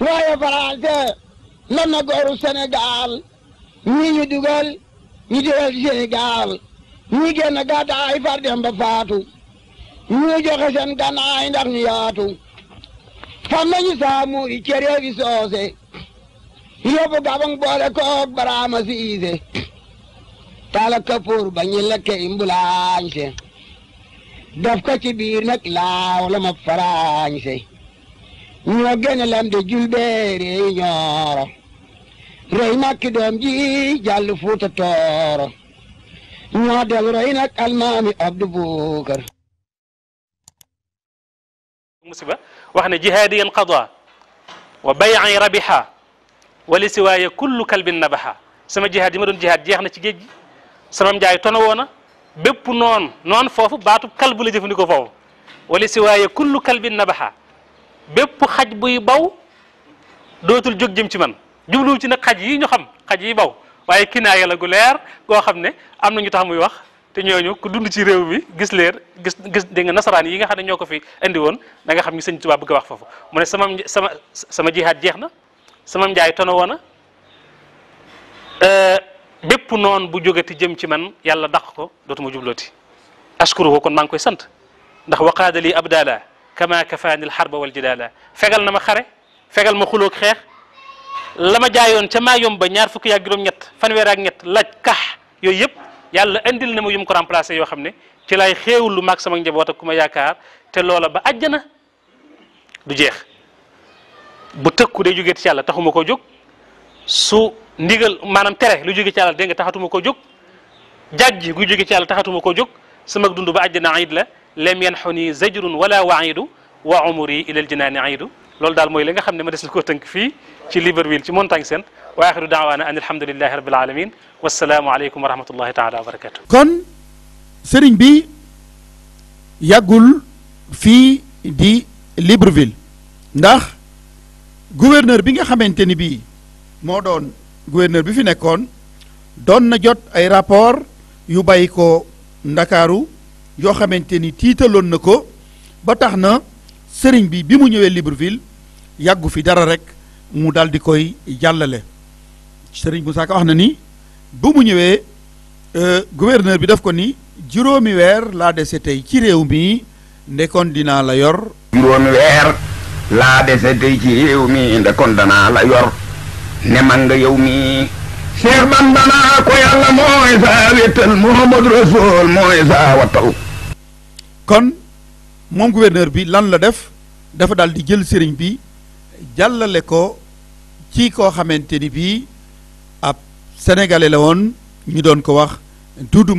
waaye Faranse lan na gooru Sénégal ñi ñu dugal ñu dugal Sénégal ñi génn gàtt ay far dem faatu ñu joxe seen gannaay ndax ñu yaatu fam nañu saamu yi cere yi gabang boole koog baraama siise tala kapoor ba ñu lekke imbulaañse daf ko biir nag laaw la ma faraañse نوغن لام دي جول بيري يارا رينا كدوم جي جال فوت تارا نوغن رينا كالمامي عبد بوكر مصيبة وحنا جهاديا قضى وبيعا ربحا ولسواي كل كلب نبحا سما جهاد مدون جهاد جيخنا تجيجي سلام جاي تنوونا بيب نون نون فوفو باتو كلب لجفنكو فوفو ولسواي كل كلب نبحا bépp xaj buy baw dootul jóg jëm ci man jubluwu ci nag xaj yi ñu xam xaj yi baw waaye kinaaya la gu leer goo xam ne am na ñu tax muy wax te ñooñu ku dund ci réew mi gis leer gis gis dégg nga nasaraan yi nga xam ne ñoo ko fi indi woon da xam ni sëñ Tuubaa bëgg a wax foofu mu ne sama sama sama jihaad jeex na sama njaay tono woona euh, bépp noon bu jógati jëm ci man yàlla daq ko dootuma jublooti ashkuruhu kon maa ngi koy sant ndax ab abdala كما كفاني الحرب والجلاله فقال نما خري فقال مخلوق خير لما جايون تما يوم بنيار فك يا غروم نيت فان ويراك نيت لاج كح يو ييب يالا انديل نما يوم كو رامبلاسي يو خامني تي لاي خيوول لو ماكسام نجي بوتا كوما ياكار تي لولا با اجنا دو جيخ بو تكو دي جوغي تي يالا تاخوما كو جوك سو نيغل مانام تري لو جوغي تي يالا دينغ تاخاتوما كو جوك جاجي جوغي تي يالا تاخاتوما كو جوك سماك دوندو با اجنا عيد لا لم ينحني زجر ولا وعيد وعمري الى الجنان عيد لول دال موي ليغا خامني ما ديس نكو تانك في سي ليبرويل سي مونتاغ سين واخر دعوانا ان الحمد لله رب العالمين والسلام عليكم ورحمه الله تعالى وبركاته كون سيرين بي ياغول في دي ليبرويل ناخ غوفرنور بيغا خامنتيني بي مو دون غوفرنور بي في نيكون دون نا جوت اي رابور يو بايكو ndakaru yoo xamante ni tiitaloon na ko ba tax na sëriñ bi bi mu ñëwee Libreville yàggu fi dara rek mu daal di koy jàllale sëriñ Moussa Ka wax na ni bu mu ñëwee euh, gouverneur bi daf ko ni juróomi weer laa dese tey ci réew mi ndekoon dinaa la yor. juróomi weer laa dese tey ci réew danaa yow mi Cheikh Bamba naa ko yàlla mooy saa wéttal Muhammad Rasul mooy saa wattal. kon moom gouverneur bi lan la def dafa daal di jël sëriñ bi jàllale ko ci koo xamante ni bii ab sénégalais la woon ñu doon ko wax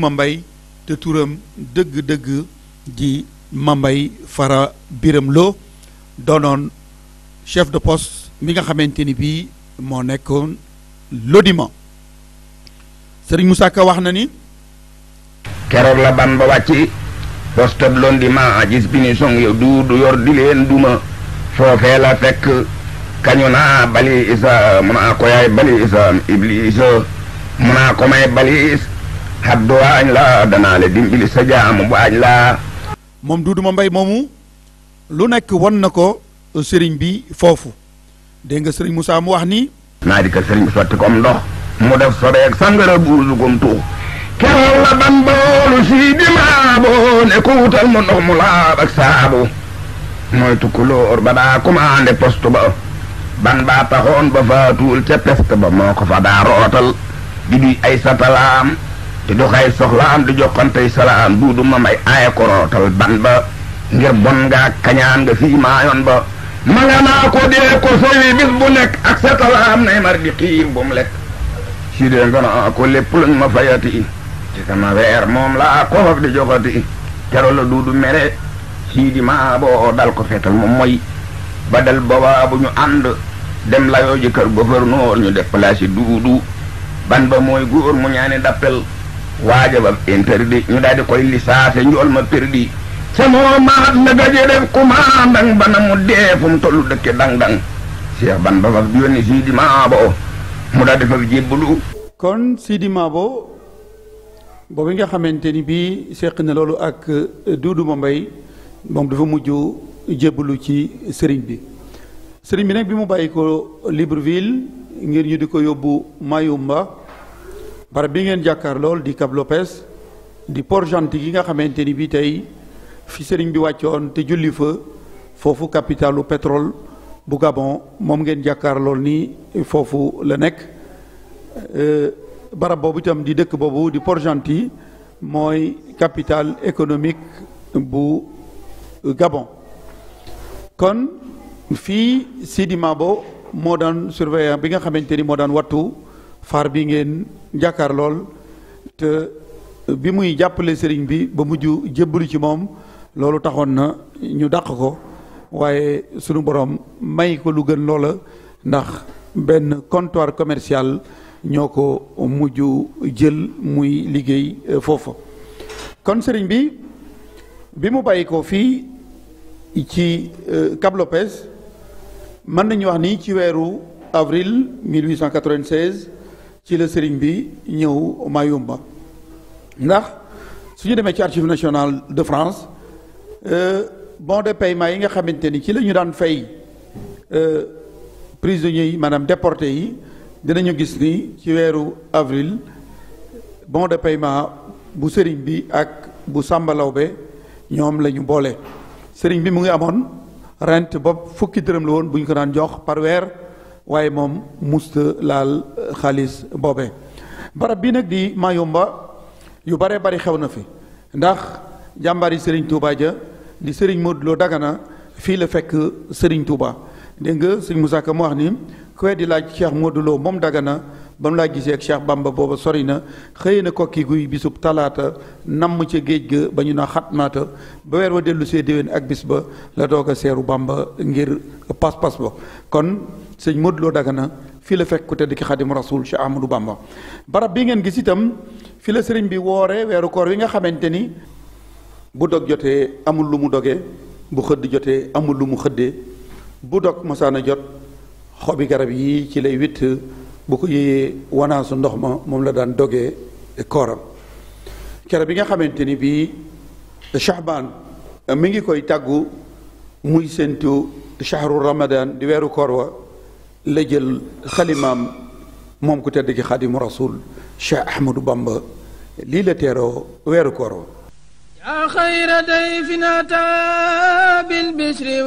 Mambay te turam dëgg-dëgg di Mambay Fara Biram Lo doonoon chef de poste mi nga xamante ni bii moo nekkoon Lodima sëriñ Moussa wax na ni. keroog la ban ba wàcc wastab londi ma ajis bini song yow du du yor di leen duma foofee la fekk kañu naa bali isa munaa ko yaay bali isa iblisa munaa ko may bali is haddu waañ la danaa le dimbili sa jaamu waañ la moom duuduma mbay moomu lu nekk won na ko bi foofu dégg nga sëriñ Moussa mu wax ni naa di ko sëriñ bi sotti comme ndox mu def sobeeg sangara buusu gum tuux keroog la ban boolu sii di maabo ne ko wutal ndox mu laab ak saabu mooy tukkulóor ba daa commandé poste ba ban baa taxoon ba faatuwul ca peste ba moo ko fa daa rootal di duy ay satalaam di doxay soxlaam di joxantey salaam duudu may aaye ko rootal ban ba ngir bon ngaa kañaan nga fii maayoon ba ma nga naa ko dee ko sowi bis bu nekk ak satalaam nay mar di xiir bu mu si dee nga naa ko lépp luñ ma fayati ci sama weer moom laa ko faf di joxati caro la ko feetal moom mooy ba dal boobaa bu ñu ànd dem layoo ji kër gouverneur ñu déplacé duudu ban ba moy góor mu ñaane dappel waaja ba interdit ñu daal di koy lisaase njool ma perdi sama maat na gaje def commandang ba na mu dee mu tollu dëkke dang-dang Cheikh ban ba faf di yónni Sidi Maabo mu daal faf jébbalu kon Sidi Maabo boobu nga xamante de bii seq na loolu ak euh, Duudu Mbaye moom dafa mujj ci bi sëriñ bi nag bi mu Libreville ngir ñu di ko Mayumba bi ngeen jàkkaar lool di Cap di Port nga ni bii fi sëriñ bi wàccoon te capitalu pétrole Gabon ngeen barab boobu itam di dëkk boobu di Port-Gentil mooy capital économique bu Gabon kon fii Sidi Mabo moo daan surveillant bi nga xamante ni moo daan wattu faar bi ngeen jàkkaar lool te bi muy jàppale sëriñ bi ba mujj jébbalu ci moom loolu taxoon na ñu dàq ko waaye sunu boroom may ko lu gën loola ndax benn comptoir commercial ñoko ko mujj jël muy liggéey euh, fofu kon sëriñ bi bi mu bàyyi ko fii ci euh, Cap Lopez mën nañu wax ni ci weeru avril 1896 ci la sëriñ bi ñëw Mayumba ndax su ñu demee ci archive nationale de France euh, bon de paiement yi nga xamante ni ci la ñu daan fay prisonniers yi maanaam déportés yi dinañu gis ni ci weeru avril bon de paiement bu sëriñ bi ak bu Samba Lawbe ñoom la ñu boole sëriñ bi mu ngi amoon rent bopp fukki dërëm la woon bu ñu ko daan jox par weer waaye moom musta laal euh, xaalis boobe barab bi nag di Mayumba yu bare bari xew na fi ndax jàmbaari sëriñ Touba ja di sëriñ Modou Dagana fii la fekk sëriñ Touba dégg nga sëriñ Moussa mu wax ni koy di laaj Cheikh Modou moom Dagana ba mu laa gisee ak Cheikh Bamba booba sori na xëy na kokki guy bisub talaata namm ca géej ga ba ñu na xatmaata ba weer wa dellu see ak bis ba la doog a seeru Bamba ngir pas-pas ba kon sëñ Modou Dagana fii la fekk ku tedd ki xadim rasul Cheikh Ahmadou Bamba barab bi ngeen gis itam fi la sëriñ bi wooree weeru koor wi nga xamante ni bu dog jotee amul lu mu dogee bu xëdd jotee amul lu mu xëddee bu dog mosaan jot xobi garab yi ci lay witt bu ko yéyee wanaasu ndox ma moom la daan dogee kooram kere bi nga xamante ni bii Shahbaan mi ngi koy tàggu muy séentu shahru Ramadan di weeru koor wa la jël xalimaam moom ku tedd ki xaadimu rasul Cheikh Ahmadou Bamba lii la teeroo weeru koor wa yaa xayra dayfin ataa bil bishri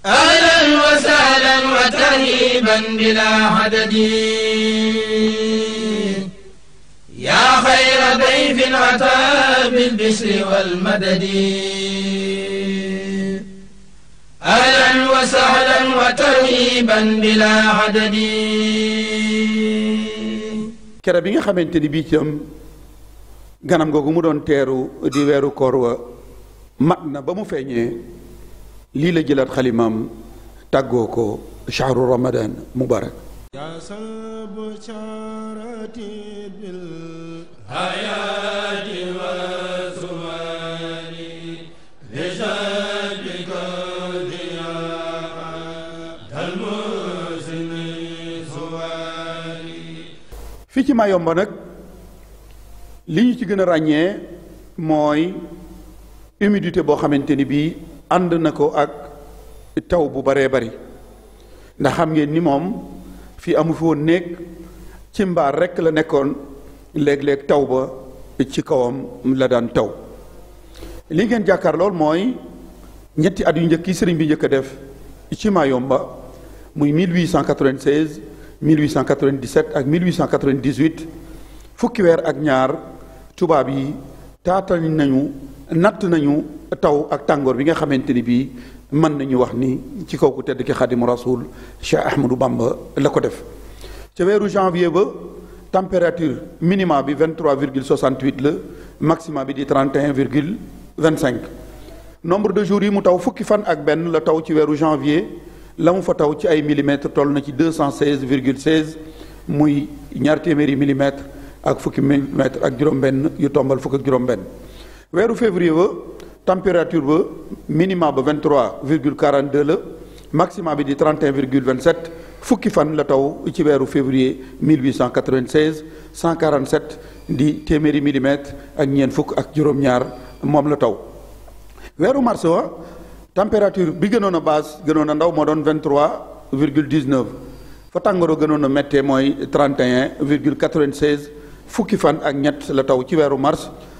أهلا وسهلا وترحيبا بلا عدد يا خير ضيف أتى بالبشر والمدد أهلا وسهلا وترحيبا بلا عدد kere bi nga xamante ni bii itam ganam googu mu doon teeru di weeru koor wa mat na ba mu feeñee lii la jëlaat xalimaam tàggoo ko shahru ramadan mubarak fii ci Mayumba nag li ñu ci gën a ràññee mooy humidité boo xamante ni bii ànd na ko ak taw bu baree bari ndax xam ngeen ni moom fii amu fi woon néeg ci mbaar rekk la nekkoon léeg-léeg taw ba ci kawam la daan taw li ngeen jàkkaar lool mooy ñetti at yu njëkk yi sëriñ bi njëkk a def ci Mayomba muy 1896 1897 ak 1898 fukki weer ak ñaar tubaab yi taatal nañu natt nañu taw ak tangor bi nga xamanteni bi man nañu wax ni ci koku tedd ki khadim rasul Cheikh Ahmadou Bamba la ko def ci wéru janvier ba température minima bi 23,68 virgule la maxima bi di 31,25 virgule nombre de jours yi mu taw fukki fan ak ben la taw ci wéru janvier la mu fa taw ci ay millimètre toll na ci 216,16 virgule muy ñaar téeméeri millimètre ak fukki millimètre ak juróom-benn yu tombal fukk ak juróom-benn weeru février ba température minimum minima ba 23,42 virgule 42 la maxima bi di 31,27 la taw ci wéru février 1896 147 di téméri millimètres ak ñeent fuk ak juroom ñaar mom la taw wéru mars wa température bi gënoon a basse gënoon a ndaw mo don 23,19 fa tangoro gënoon a méttee fan ak ñet la taw ci wéru mars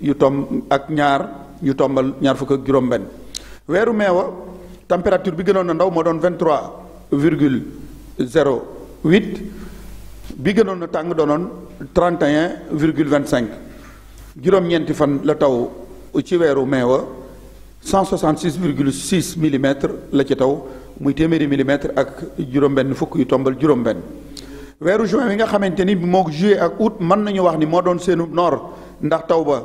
yu tom ak ñaar yu tombal ñaar fukk ak juróom-benn weeru mai wa température bi gënoon na ndaw moo doon vingt trois virgule zéro huit bi gënoon a tàng doonoon trente et un vingt cinq juróom-ñeenti fan la taw ci weeru mai wa cent soixante six virgule six millimètres la ci taw muy téeméeri millimètres ak juróom-benn fukk yu tombal juróom-benn. weeru juin wi nga xamante ni moo juillet ak août mën nañu wax ni moo doon seenu noor ndax taw ba.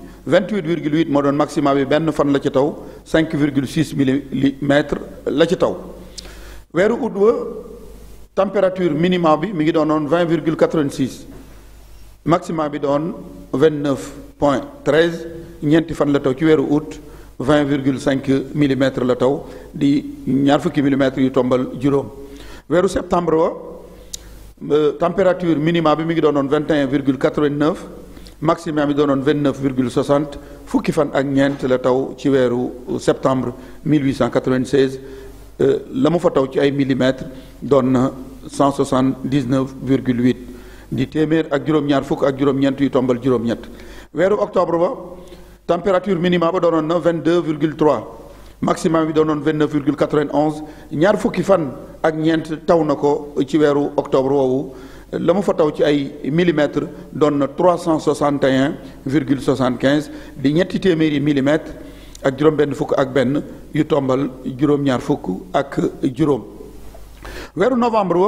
28,8 virgule 8 moo doon maximum bi benn fan la ci taw 5,6 virgule la ci taw weeru ut wa température minimum bi mi ngi doonoon 20 virgule maximum bi doon 29.13 point ñeenti fan la taw ci weeru ut 20,5 virgule la taw di ñaar fukki millimètres yu tombal juróom weeru septembre wa température minimum bi mi ngi doonoon 21 virgule maximum donne 29,60. Foukifan Agnent, le taux, Tiveru, septembre 1896, le mouffa taux, qui est 1 mm, donne 179,8. du Témer, Vers octobre, la température minimale donne 22,3. Maximum donne 29,91. Nyar Foukifan Agnent, taux, octobre, la photo fa taw ci ay millimètres doon na trois millimètres ak juróom ben fuk ak ben yu tombal ñaar ak wéru novembre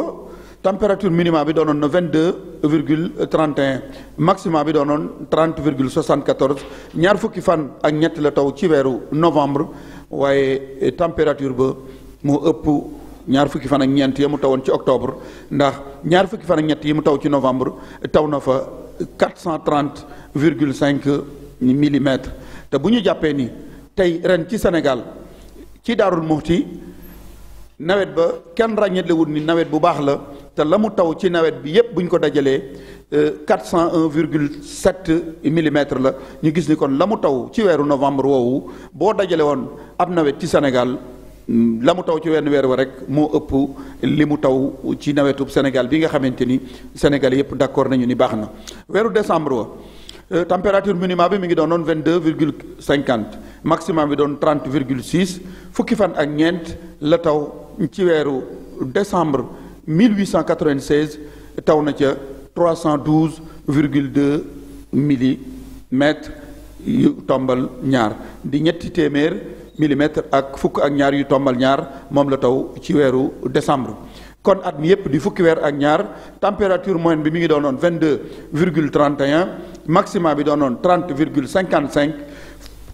température minima bi donon 22,31 Maximum maxima bi donon 30,74 ñaar fukki fan ak ñett la taw ci wéru novembre température ba mo ëpp. ñaar fukki fan ñeent yi mu tawoon ci octobre ndax ñaar fukki fan ak ñett yi mu taw ci novembre taw na fa 430 virgule 5 millimètres te bu ñu jàppee ni tey ren ci Sénégal ci Daarul Muxti nawet ba kenn ràññeelewul ni nawet bu baax la te la mu taw ci nawet bi yépp bu ñu ko dajalee 401 euh, virgule 7 millimètres la ñu gis ni kon la mu taw ci weeru novembre woowu boo dajale woon ab nawet ci Sénégal lamu taw ci wenn wër wa rek mo ëpp limu taw ci nawetu Sénégal bi nga xamanteni sénégalais yépp d'accord nañu ni baxna wëru décembre wa euh, température minimum bi mi ngi doon 22,50 maximum bi doon 30,6 fukki ak ñent la taw ci décembre 1896 taw na ca 312,2 mm tombal ñaar di ñetti témèr millimètres ak fukk ak ñaar yu tombal ñaar moom la taw ci weeru décembre kon at mi yëpp di fukki weer ak ñaar température moyenne bi mi ngi doonoon 22 virgule 31 maximum bi doonoon 30 virgule 55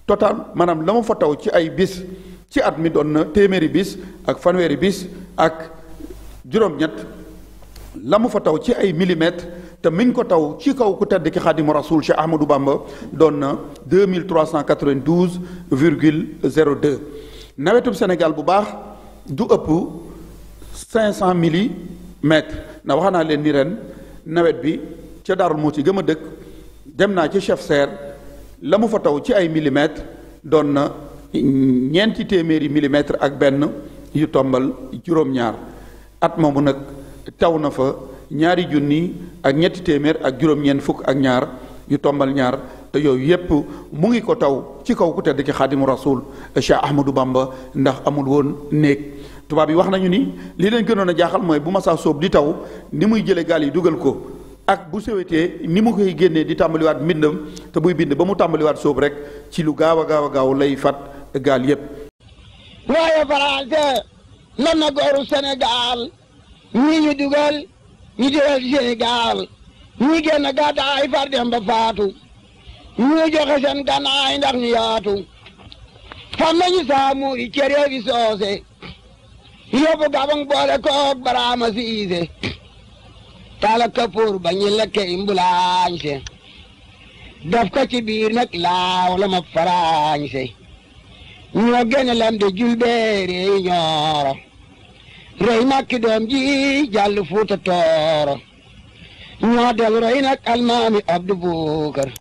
total maanaam la ma fa taw ci ay bis ci at mi doon na téeméeri bis ak fanweeri bis ak juróom-ñett la mu fa taw ci ay millimètres te miñ ko taw ci kaw ku tedd ki xaadimu rasul Cheikh Ahmadou Bamba doon na 2392,02 virgule nawetub Sénégal bu baax du ëpp 500 millimètres na wax naa leen ni ren nawet bi ca Darou Mouti gëm a dëkk dem naa ci chef serre la mu fa taw ci ay millimètres doon na ñeenti téeméeri millimètres ak benn yu tombal juróom-ñaar at moomu nag taw na fa ñaari junni ak ñetti téeméer ak juróom-ñeent fukk ak ñaar yu tombal ñaar te yooyu yépp mu ngi ko taw ci kaw ku tedd ki xaadimu rasul Cheikh Ahmadou Bamba ndax amul woon néeg tubaab yi wax nañu ni li leen gënoon a jaaxal mooy bu masaa soob di taw ni muy jële gaal yi dugal ko ak bu sewetee ni mu koy génnee di tàmbaliwaat mbindam te muy bind ba mu tàmbaliwaat sóob rek ci lu gaaw a gaaw a gaaw lay fat gaal yépp waaye Faransé lan na gooru Sénégal ñi ñu dugal ñu jëlee ci Sénégal ñuy génn gàttaay far dem ba faatu ñuy joxe seen gànnaay ndax ñu yaatu fam nañu saamuuri cere fi soose yóbbu gabang boole koog baraama siise tala kapoor ba ñi lekke imbulaañse daf ko ci biir laaw la ma faraañse ñoo gene lam de julbeere ñooro rey nag ki doom ji jàll fuuta tooro ñoo del rey nag almaami Abdu Bukar